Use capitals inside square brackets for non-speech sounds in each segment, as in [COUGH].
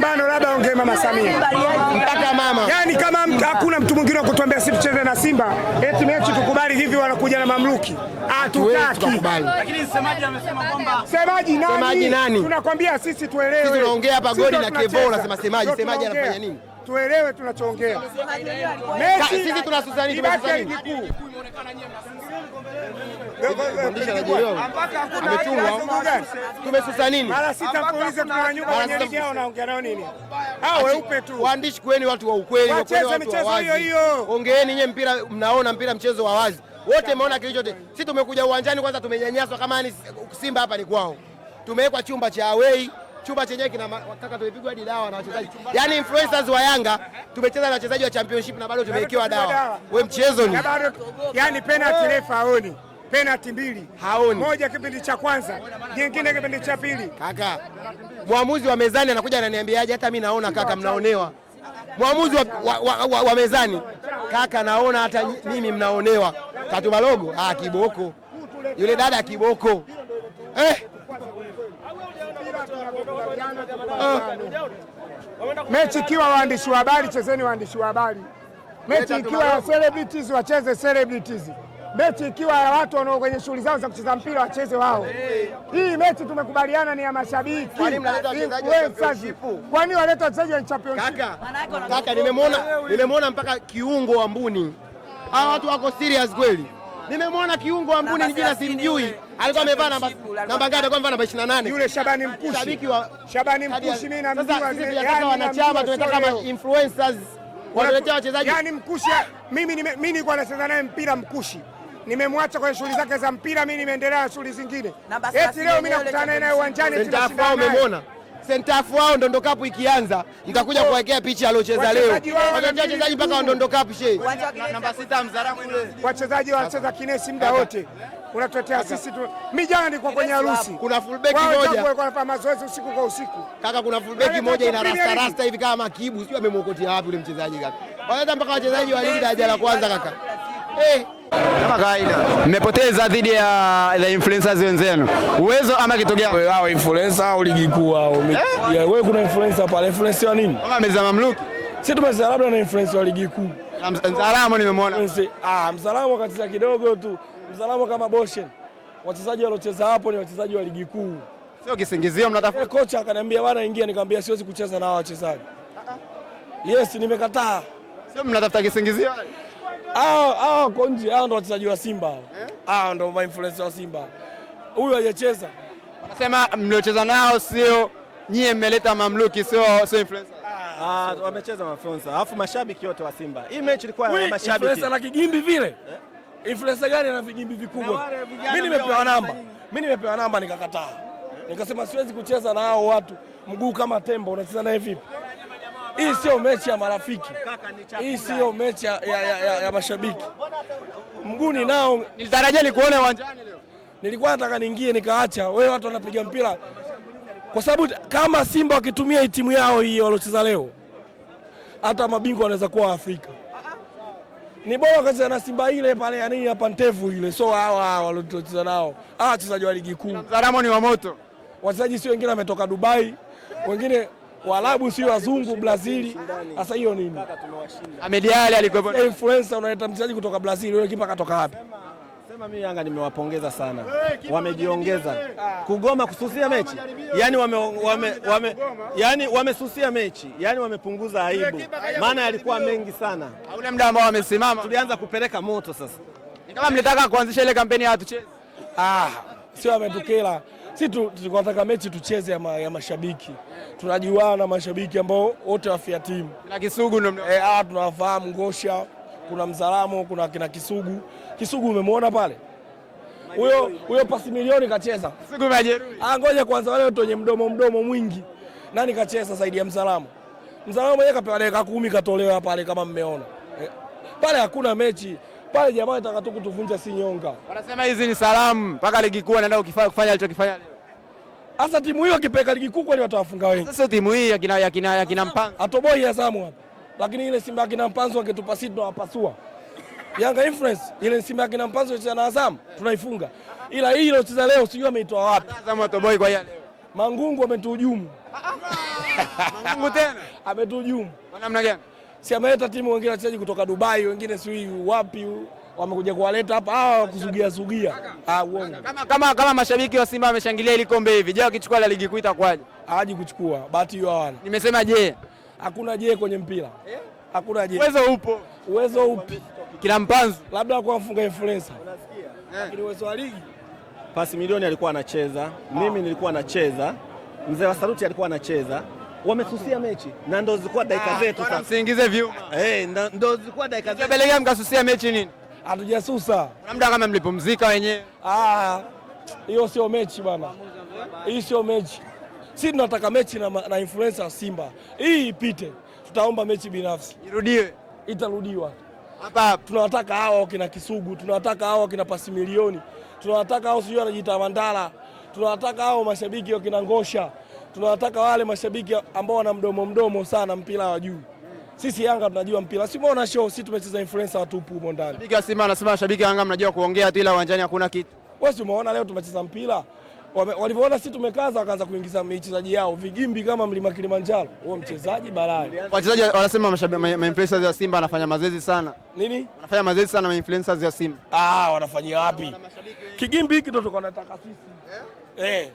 mapambano labda ongee mama Samia yaani mpaka mama, yani kama hakuna mtu mwingine wa kutuambia sisi tucheze na Simba eti mechi tukubali hivi, wanakuja na mamluki, hatutaki. Lakini msemaji amesema kwamba semaji nani? Semaji nani? Tunakwambia sisi tuelewe, sisi tunaongea hapa goli na Kevo, unasema semaji, semaji anafanya nini? tuelewe tunachoongea. Messi tumesusa nini? Mara sita mfululizo ligi yao, naongea nao nini? Hao ah, weupe tu. Waandishi kweni watu wa ukweli, wacheze michezo hiyo hiyo. Ongeeni nyewe, mpira mnaona mpira mchezo wa wazi wote mmeona kilicho. Sisi tumekuja uwanjani kwanza, tumenyanyaswa kama ni Simba hapa ni kwao, tumewekwa chumba cha awei chumba chenyewe kina kaka, tumepigwa hadi dawa na wachezaji, yaani influencers wa Yanga tumecheza na wachezaji wa championship na bado tumewekewa dawa. Wewe mchezo ni yaani penalty refa eh. haoni penalty mbili haoni, moja kipindi cha kwanza, nyingine kipindi cha pili. Kaka mwamuzi wa mezani anakuja ananiambiaje? Hata mimi naona kaka, mnaonewa mwamuzi wa, wa, wa, wa, wa mezani kaka, naona hata mimi mnaonewa. Tatu ah, kiboko yule dada kiboko eh. Ah. mechi ikiwa waandishi wa habari chezeni waandishi wa habari, mechi ikiwa ya celebrities wacheze celebrities, mechi ikiwa ya watu wanao kwenye shughuli zao za kucheza mpira wacheze wao. Hii mechi tumekubaliana ni ya mashabiki. Kwani waleta wachezaji wa championship? Kaka, nimemwona nimemwona mpaka kiungo wa Mbuni. Hawa watu wako serious kweli. Nimemwona kiungo wa Mbuni, jina simjui alikuwa amevaa namba namba ngapi? Alikuwa amevaa namba 28. Yule Shabani Mkushi. Shabiki wa Shabani Mkushi mimi na mjua. Sasa tunataka wanachama, tunataka kama influencers wanaletea yaani wachezaji. Yaani Mkushi mimi mimi nilikuwa nacheza naye mpira Mkushi. Nimemwacha kwenye shughuli zake za mpira, mimi nimeendelea na shughuli zingine. Eti leo mimi nakutana naye uwanjani tunashinda. Umemwona? sentafu wao Ndondo Cup ikianza, nitakuja oh. kuwekea picha aliocheza leo wachezaji mpaka Ndondo Cup she namba sita Mzaramo yule, wachezaji wanacheza kinesi muda wote unatuletea sisi tu. Mimi jana nilikuwa kwenye harusi, kuna fullback moja wanafanya mazoezi usiku kwa usiku kaka, kuna fullback moja ina rasta rasta hivi kama Makibu, sijui amemwokotia wapi yule mchezaji kaka, wanaleta mpaka wachezaji wa ligi daraja la kwanza kaka, eh kama kawaida mmepoteza dhidi ya the influencers wenzenu, uwezo ama kitogea wewe Wao influencer au ligi kuu au eh? wewe, kuna influencer pale, influencer wa nini? Kama meza mamluki, sisi tumeza labda na influencer wa ligi kuu. Mzalamo nimemwona, ah, mzalamo katiza kidogo tu, mzalamo kama Boshen. Wachezaji waliocheza hapo ni wachezaji wa ligi kuu, sio kisingizio. Mnatafuta eh, kocha akaniambia bwana ingia, nikamwambia siwezi kucheza na wachezaji. Ah, ah. Yes, nimekataa. Sio mnatafuta kisingizio. Ah, ah, nje hao ndo wachezaji wa Simba eh? hao Ndo ma influencer wa Simba huyu hajacheza, wanasema mliocheza nao sio nyie, mmeleta mamluki sio sio influencer. Ah, ah wamecheza mafonsa. Alafu mashabiki wote wa Simba. Hii mechi ilikuwa na mashabiki. Influencer na kigimbi vile. Eh? Influencer gani ana vigimbi vikubwa? Mimi nimepewa namba. Mimi nimepewa namba nikakataa. Eh? Nikasema siwezi kucheza na hao watu. Mguu kama tembo unacheza naye vipi? Hii sio mechi ya marafiki, hii sio mechi ya, ya, ya, ya, ya mashabiki. Mguni nao nitarajia nikuone uwanjani leo, nilikuwa nataka niingie nikaacha wewe, watu wanapiga mpira, kwa sababu kama Simba wakitumia timu yao hii waliocheza leo, hata mabingwa wanaweza kuwa Afrika. Ni bora kaza na Simba ile pale ya nini hapa ntevu ile, so hawa waliocheza nao hawa wachezaji wa ligi kuu, Ramoni wa moto, wachezaji sio wengine, wametoka Dubai wengine Waarabu sio wazungu Brazili. Sasa hiyo nini? Ahmed Ally alikuwa influencer, unaleta mchezaji kutoka Brazil, yule kipa katoka wapi? Sema mimi Yanga nimewapongeza sana, wamejiongeza kugoma kususia mechi, yani wamesusia wame, wame, yani wamesusia mechi, yani wamepunguza aibu, maana yalikuwa mengi sana. Ule muda ambao wamesimama tulianza kupeleka moto, sasa ni kama mlitaka kuanzisha ile kampeni ya hatuchezi. Ah, sio ametukela si tunataka mechi tucheze ya, ma, ya mashabiki. Tunajuana mashabiki ambao wote wafia timu na Kisugu ndio e, eh, ah, tunawafahamu Ngosha, kuna Mzaramo, kuna kina Kisugu. Kisugu umemwona pale huyo huyo, pasi milioni kacheza. Ah, ngoja kwanza, wale watu wenye mdomo mdomo mwingi, nani kacheza zaidi ya Mzaramo? Mzaramo mwenyewe kapewa dakika kumi, katolewa pale kama mmeona e, pale hakuna mechi pale jamaa anataka tu kutuvunja si nyonga. Wanasema hizi ni salamu mpaka ligi kuu anaenda kufanya alichokifanya leo. Sasa timu hiyo akipeleka ligi kuu kwani watawafunga wengi. Sasa timu hii yakina yakina ya kina ya kina Mpanzo. Atoboi Azamu hapa. Lakini ile Simba yakina kina Mpanzo wangetupa sisi tunawapasua. Yanga influence ile Simba yakina kina Mpanzo cheza na Azamu tunaifunga. Ila hii ile iliyocheza leo sijui ameitoa wapi. Azamu atoboi kwa yale. Mangungu ametuhujumu. [LAUGHS] Mangungu tena ametuhujumu. Kwa namna gani? si ameleta timu wengine wachezaji kutoka Dubai, wengine si wapi wamekuja kuwaleta hapa hawa kusugia sugia. Ah, uongo. Kama, kama, kama mashabiki wa Simba wameshangilia ili kombe hivi, je, wakichukua la ligi kuita kwaje? Hawaji kuchukua, bahati hiyo hawana. Nimesema je, hakuna je kwenye mpira eh? hakuna je. Uwezo upo, uwezo upi? Kila mpanzu labda kwa mfunga influencer, unasikia lakini uwezo wa ligi pasi milioni alikuwa anacheza, mimi nilikuwa nacheza, mzee wa saluti alikuwa anacheza wamesusia mechi na ndo zilikuwa dakika ah, zetu sasa. Msiingize vyuma. Eh, ndo zilikuwa dakika zetu. Belegea mkasusia mechi nini? Hatujasusa. Kuna muda kama mlipumzika wenyewe. Ah, hiyo sio mechi bwana. Hii sio mechi. si tunataka mechi na, na influencer Simba. Hii ipite. Tutaomba mechi binafsi. Irudiwe. Itarudiwa. Hapa tunawataka hao kina Kisugu, tunawataka hao kina pasi milioni. Tunawataka hao sio anajiita Mandala. Tunawataka hao mashabiki wakina Ngosha tunawataka wale mashabiki ambao wana mdomo mdomo sana mpira wa juu. Sisi Yanga tunajua mpira, si mbona show, si tumecheza influencer watupu humo ndani. Shabiki wa Simba anasema shabiki Yanga mnajua kuongea tu ila uwanjani hakuna kitu. Wewe si umeona leo tumecheza mpira walivyoona sisi tumekaza, wakaanza kuingiza michezaji yao vigimbi kama mlima Kilimanjaro. Huo mchezaji balaa. Wachezaji wanasema influencers ya Simba anafanya mazoezi sana. Nini? Anafanya mazoezi sana influencers ya Simba. Ah, wanafanyia wapi? Kigimbi hiki ndio tunataka sisi. Eh? Eh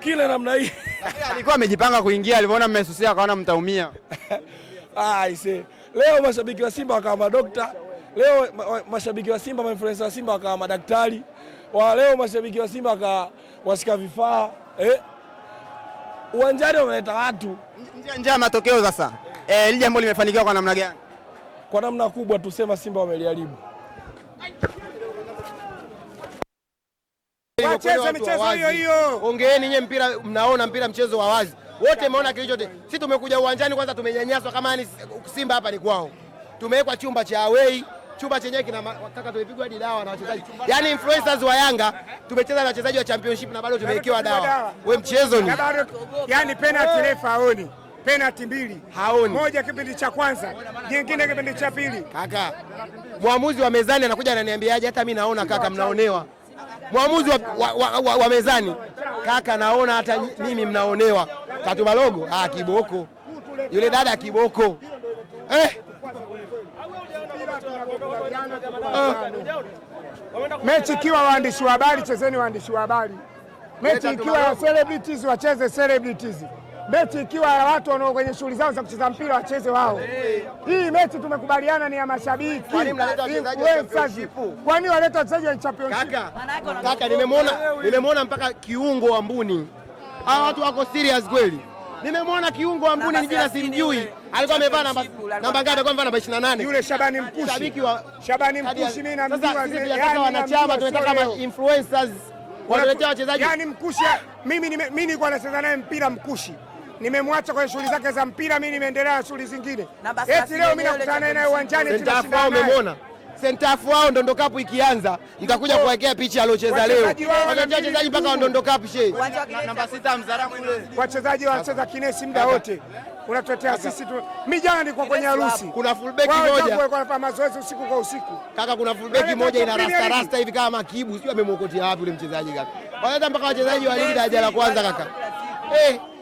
kila namna hii alikuwa amejipanga kuingia, alivyoona mmesusia akaona mtaumia. Aise, leo mashabiki wa Simba wakawa madokta, leo mashabiki wa Simba, mainfluencer wa Simba wakawa madaktari wa leo, mashabiki wa Simba wakawa washika vifaa eh? Uwanjani wameleta watu nje ya matokeo. Sasa eh, hili jambo limefanikiwa kwa namna gani? Kwa namna kubwa tusema Simba wameliharibu wacheze michezo hiyo hiyo. Ongeeni nyenye mpira, mnaona mpira mchezo wa wazi wote, mmeona kilicho. Sisi tumekuja uwanjani kwanza, tumenyanyaswa kama ni Simba hapa ni kwao, tumewekwa chumba cha away chumba chenyewe kina kaka, tumepigwa hadi dawa na wachezaji yaani influencers wa Yanga. Tumecheza na wachezaji wa championship na bado tumewekewa dawa. We mchezo ni yaani penalty refa haoni, penalty mbili haoni, moja kipindi cha kwanza, nyingine kipindi cha pili. Kaka mwamuzi wa mezani anakuja ananiambiaje? Hata mimi naona kaka, mnaonewa mwamuzi wa, wa, wa, wa, wa mezani kaka, naona hata mimi mnaonewa. Tatu Balogo ah, kiboko yule dada kiboko eh! eh. mechi ikiwa waandishi wa habari chezeni waandishi wa habari, mechi ikiwa celebrities wacheze celebrities mechi ikiwa ya watu wanao kwenye shughuli zao za kucheza mpira wacheze wao. Hii mechi tumekubaliana ni ya mashabiki. Kwani waleta wachezaji wa championship? Kaka, kaka nimemwona nimemwona mpaka kiungo wa Mbuni. Hawa watu wako serious kweli. Nimemwona kiungo wa Mbuni jina simjui. Alikuwa amevaa namba namba ngapi? Alikuwa amevaa namba 28. Yule Shabani Mkushi. Shabiki wa Shabani Mkushi mimi na mjua. Sasa wanachama tunataka ma influencers yaani wanaletea wachezaji. Yaani Mkushi mimi mimi nilikuwa nacheza naye mpira Mkushi nimemwacha kwenye shughuli zake za mpira, mimi nimeendelea na shughuli zingine. Eti leo mimi nakutana naye uwanjani, tunashindana. Umeona senta wao Ndondo Cup ikianza, nikakuja kuwekea picha aliocheza leo wachezaji mpaka wa Ndondo Cup she namba sita mzaramu yule, wachezaji wanacheza kinesi muda wote unatuletea sisi tu. Mimi jana nilikuwa kwenye harusi, kuna fullback moja anafanya mazoezi usiku kwa usiku kaka, kuna fullback moja ina rasta rasta hivi kama Makibu, sio amemwokotia wapi ule mchezaji kaka, wanaleta mpaka wachezaji wa ligi daraja la kwanza kaka, eh